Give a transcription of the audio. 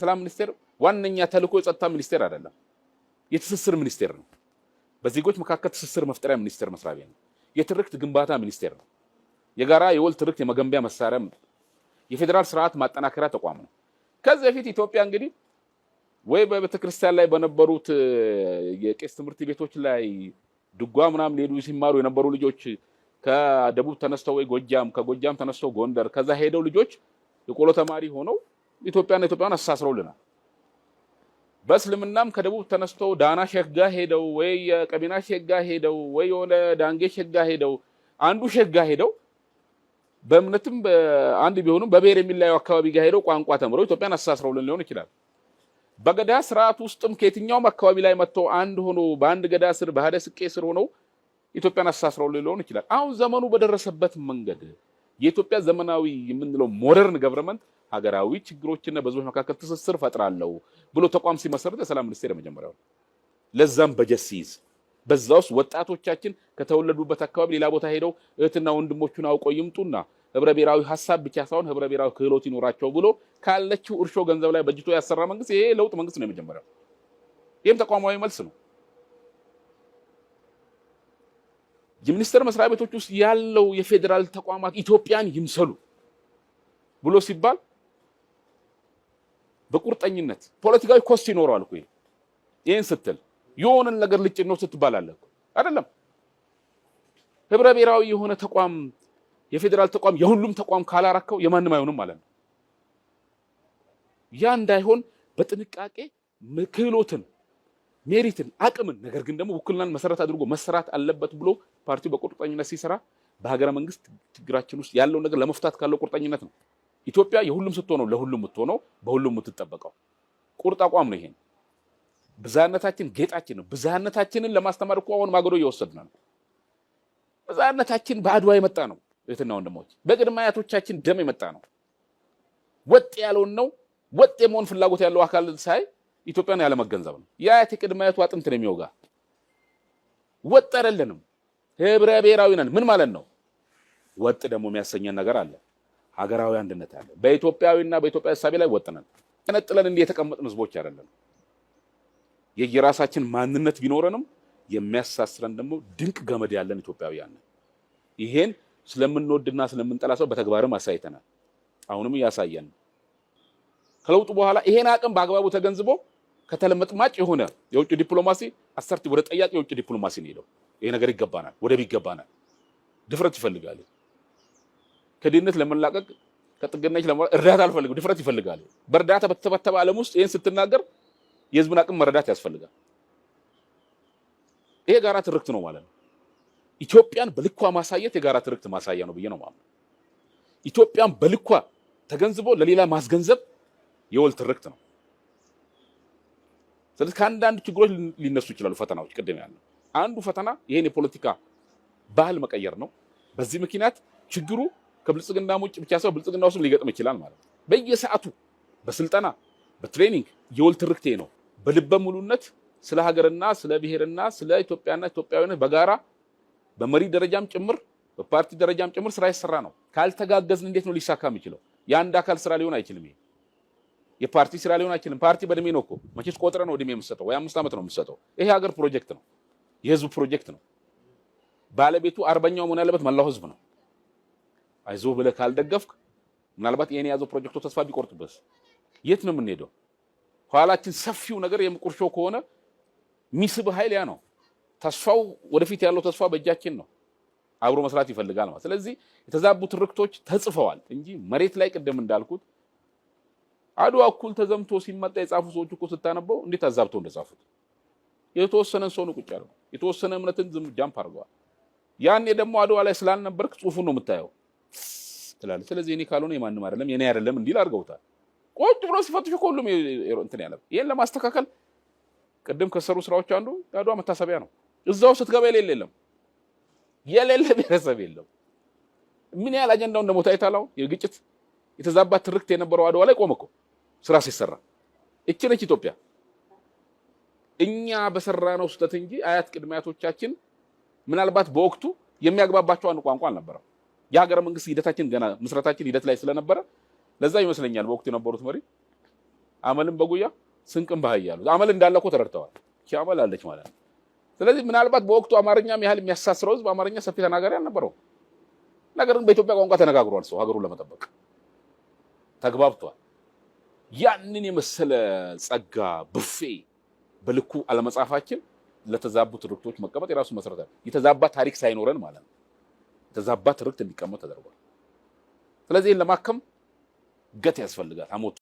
የሰላም ሚኒስቴር ዋነኛ ተልእኮ የጸጥታ ሚኒስቴር አይደለም፣ የትስስር ሚኒስቴር ነው። በዜጎች መካከል ትስስር መፍጠሪያ ሚኒስቴር መስሪያ ቤት ነው። የትርክት ግንባታ ሚኒስቴር ነው። የጋራ የወል ትርክት የመገንቢያ መሳሪያ፣ የፌዴራል ስርዓት ማጠናከሪያ ተቋም ነው። ከዚህ በፊት ኢትዮጵያ እንግዲህ ወይ በቤተክርስቲያን ላይ በነበሩት የቄስ ትምህርት ቤቶች ላይ ድጓ ምናምን ሄዱ ሲማሩ የነበሩ ልጆች ከደቡብ ተነስተው ወይ ጎጃም ከጎጃም ተነስተው ጎንደር ከዛ ሄደው ልጆች የቆሎ ተማሪ ሆነው ኢትዮጵያና ኢትዮጵያን አስተሳስረውልናል። በእስልምናም ከደቡብ ተነስቶ ዳና ሼክ ጋ ሄደው ወይ የቀቢና ሼክ ጋ ሄደው ወይ የሆነ ዳንጌ ሼክ ጋ ሄደው አንዱ ሼክ ጋ ሄደው በእምነትም አንድ ቢሆኑም በብሔር የሚለያዩ አካባቢ ጋ ሄደው ቋንቋ ተምረው ኢትዮጵያን አሳስረውልን ሊሆን ይችላል። በገዳ ስርዓት ውስጥም ከየትኛውም አካባቢ ላይ መጥተው አንድ ሆኖ በአንድ ገዳ ስር በሀደ ስቄ ስር ሆነው ኢትዮጵያን አስተሳስረውልን ሊሆን ይችላል። አሁን ዘመኑ በደረሰበት መንገድ የኢትዮጵያ ዘመናዊ የምንለው ሞደርን ገቨርንመንት ሀገራዊ ችግሮችና በህዝቦች መካከል ትስስር ፈጥራለሁ ብሎ ተቋም ሲመሰረት የሰላም ሚኒስቴር የመጀመሪያው ነው። ለዛም በጀት ሲይዝ በዛ ውስጥ ወጣቶቻችን ከተወለዱበት አካባቢ ሌላ ቦታ ሄደው እህትና ወንድሞቹን አውቀው ይምጡና ህብረ ብሔራዊ ሀሳብ ብቻ ሳይሆን ህብረ ብሔራዊ ክህሎት ይኖራቸው ብሎ ካለችው እርሾ ገንዘብ ላይ በጅቶ ያሰራ መንግስት ይሄ ለውጥ መንግስት ነው የመጀመሪያው። ይህም ተቋማዊ መልስ ነው። የሚኒስቴር መስሪያ ቤቶች ውስጥ ያለው የፌዴራል ተቋማት ኢትዮጵያን ይምሰሉ ብሎ ሲባል በቁርጠኝነት ፖለቲካዊ ኮስት ይኖረዋል እኮ ይሄን ስትል የሆነን ነገር ልጭን ነው ስትባል አይደለም። ህብረ ብሔራዊ የሆነ ተቋም የፌዴራል ተቋም የሁሉም ተቋም ካላረከው የማንም አይሆንም ማለት ነው። ያ እንዳይሆን በጥንቃቄ ክህሎትን፣ ሜሪትን፣ አቅምን ነገር ግን ደግሞ ውክልናን መሰረት አድርጎ መሰራት አለበት ብሎ ፓርቲው በቁርጠኝነት ሲሰራ በሀገረ መንግስት ችግራችን ውስጥ ያለው ነገር ለመፍታት ካለው ቁርጠኝነት ነው። ኢትዮጵያ የሁሉም ስትሆነው ለሁሉም የምትሆነው በሁሉም የምትጠበቀው ቁርጥ አቋም ነው። ይሄን ብዝሃነታችን ጌጣችን ነው። ብዝሃነታችንን ለማስተማር እኮ አሁን ማገዶ እየወሰድን ነው። ብዝሃነታችን በአድዋ የመጣ ነው እህትና ወንድሞች፣ በቅድመ አያቶቻችን ደም የመጣ ነው። ወጥ ያለውን ነው ወጥ የመሆን ፍላጎት ያለው አካል ሳይ ኢትዮጵያን ያለመገንዘብ ነው። የአያት የቅድመ አያቱ አጥንት ነው የሚወጋ። ወጥ አይደለንም፣ ህብረ ብሔራዊ ነን። ምን ማለት ነው? ወጥ ደግሞ የሚያሰኘን ነገር አለ። ሀገራዊ አንድነት አለ። በኢትዮጵያዊና በኢትዮጵያ ሀሳቤ ላይ ወጥነን ተነጥለን እንዲህ የተቀመጥን ህዝቦች አይደለም። የየራሳችን ማንነት ቢኖረንም የሚያሳስረን ደግሞ ድንቅ ገመድ ያለን ኢትዮጵያውያን ነን። ይሄን ስለምንወድና ስለምንጠላ ሰው በተግባርም አሳይተናል። አሁንም እያሳየን ከለውጡ በኋላ ይሄን አቅም በአግባቡ ተገንዝቦ ከተለመጥማጭ የሆነ የውጭ ዲፕሎማሲ አሰርቲ ወደ ጠያቂ የውጭ ዲፕሎማሲ ነው ሄደው ይሄ ነገር ይገባናል፣ ወደብ ይገባናል፣ ድፍረት ይፈልጋል። ከድህነት ለመላቀቅ ከጥገናች እርዳታ አልፈልግም፣ ድፍረት ይፈልጋል። በእርዳታ በተተበተበ ዓለም ውስጥ ይህን ስትናገር የህዝብን አቅም መረዳት ያስፈልጋል። ይሄ የጋራ ትርክት ነው ማለት ነው። ኢትዮጵያን በልኳ ማሳየት የጋራ ትርክት ማሳያ ነው ብዬ ነው ማለት ነው። ኢትዮጵያን በልኳ ተገንዝቦ ለሌላ ማስገንዘብ የወል ትርክት ነው። ስለዚህ ከአንዳንድ ችግሮች ሊነሱ ይችላሉ ፈተናዎች። ቅድም ያለው አንዱ ፈተና ይሄን የፖለቲካ ባህል መቀየር ነው። በዚህ ምክንያት ችግሩ ከብልጽግና ውጭ ብቻ ሰው ብልጽግና ውስጥም ሊገጥም ይችላል ማለት ነው። በየሰዓቱ በስልጠና በትሬኒንግ የወል ትርክቴ ነው። በልበ ሙሉነት ስለ ሀገርና ስለ ብሔርና ስለ ኢትዮጵያና ኢትዮጵያዊነት በጋራ በመሪ ደረጃም ጭምር በፓርቲ ደረጃም ጭምር ስራ ይሰራ ነው። ካልተጋገዝን እንዴት ነው ሊሳካ የሚችለው? የአንድ አካል ስራ ሊሆን አይችልም። ይሄ የፓርቲ ስራ ሊሆን አይችልም። ፓርቲ በእድሜ ነው እኮ መቼስ ቆጥረ ነው እድሜ የምሰጠው ወይ አምስት ዓመት ነው የምሰጠው። ይሄ ሀገር ፕሮጀክት ነው፣ የህዝብ ፕሮጀክት ነው። ባለቤቱ አርበኛው መሆን ያለበት መላው ህዝብ ነው። አይዞ ብለህ ካልደገፍክ ምናልባት ይሄን ያዘው ፕሮጀክቶ ተስፋ ቢቆርጥበት የት ነው የምንሄደው? ኋላችን ሰፊው ነገር የምቁርሾ ከሆነ ሚስብ ኃይል ያ ነው። ተስፋው ወደፊት ያለው ተስፋ በእጃችን ነው። አብሮ መስራት ይፈልጋል ማለት። ስለዚህ የተዛቡ ትርክቶች ተጽፈዋል እንጂ መሬት ላይ ቅድም እንዳልኩት አድዋ እኩል ተዘምቶ ሲመጣ የጻፉ ሰዎች እኮ ስታነበው እንዴት አዛብተው እንደጻፉት የተወሰነን ሰው ነው ቁጭ ያለው የተወሰነ እምነትን ዝም ጃምፕ አድርገዋል። ያኔ ደግሞ አድዋ ላይ ስላልነበርክ ጽሁፉን ነው የምታየው። ትላለች። ስለዚህ እኔ ካልሆነ የማንም አይደለም የኔ አይደለም እንዲል አድርገውታል። ቆጭ ብሎ ሲፈትሽ ሁሉም እንትን ያለ ይህን ለማስተካከል ቅድም ከሰሩ ስራዎች አንዱ የአድዋ መታሰቢያ ነው። እዛው ስትገባ የሌለ የለም የሌለ ብሔረሰብ የለም። ምን ያህል አጀንዳው እንደሞታ የታላው የግጭት የተዛባ ትርክት የነበረው አድዋ ላይ ቆመ እኮ ስራ ሲሰራ እች ነች ኢትዮጵያ። እኛ በሰራ ነው ስህተት እንጂ አያት ቅድመ አያቶቻችን ምናልባት በወቅቱ የሚያግባባቸው አንድ ቋንቋ አልነበረም። የሀገረ መንግስት ሂደታችን ገና ምስረታችን ሂደት ላይ ስለነበረ ለዛ ይመስለኛል በወቅቱ የነበሩት መሪ አመልን በጉያ ስንቅን ባህያ ያሉት አመል እንዳለ እኮ ተረድተዋል። አመል አለች ማለት ነው። ስለዚህ ምናልባት በወቅቱ አማርኛም ያህል የሚያሳስረው ህዝብ አማርኛ ሰፊ ተናጋሪ አልነበረው። ነገር ግን በኢትዮጵያ ቋንቋ ተነጋግሯል። ሰው ሀገሩን ለመጠበቅ ተግባብቷል። ያንን የመሰለ ጸጋ ብፌ በልኩ አለመጻፋችን ለተዛቡ ትርክቶች መቀመጥ የራሱ መሰረታል የተዛባ ታሪክ ሳይኖረን ማለት ነው። ተዛባ ትርክት እንዲቀመጥ ተደርጓል። ስለዚህ ለማከም ገት ያስፈልጋል።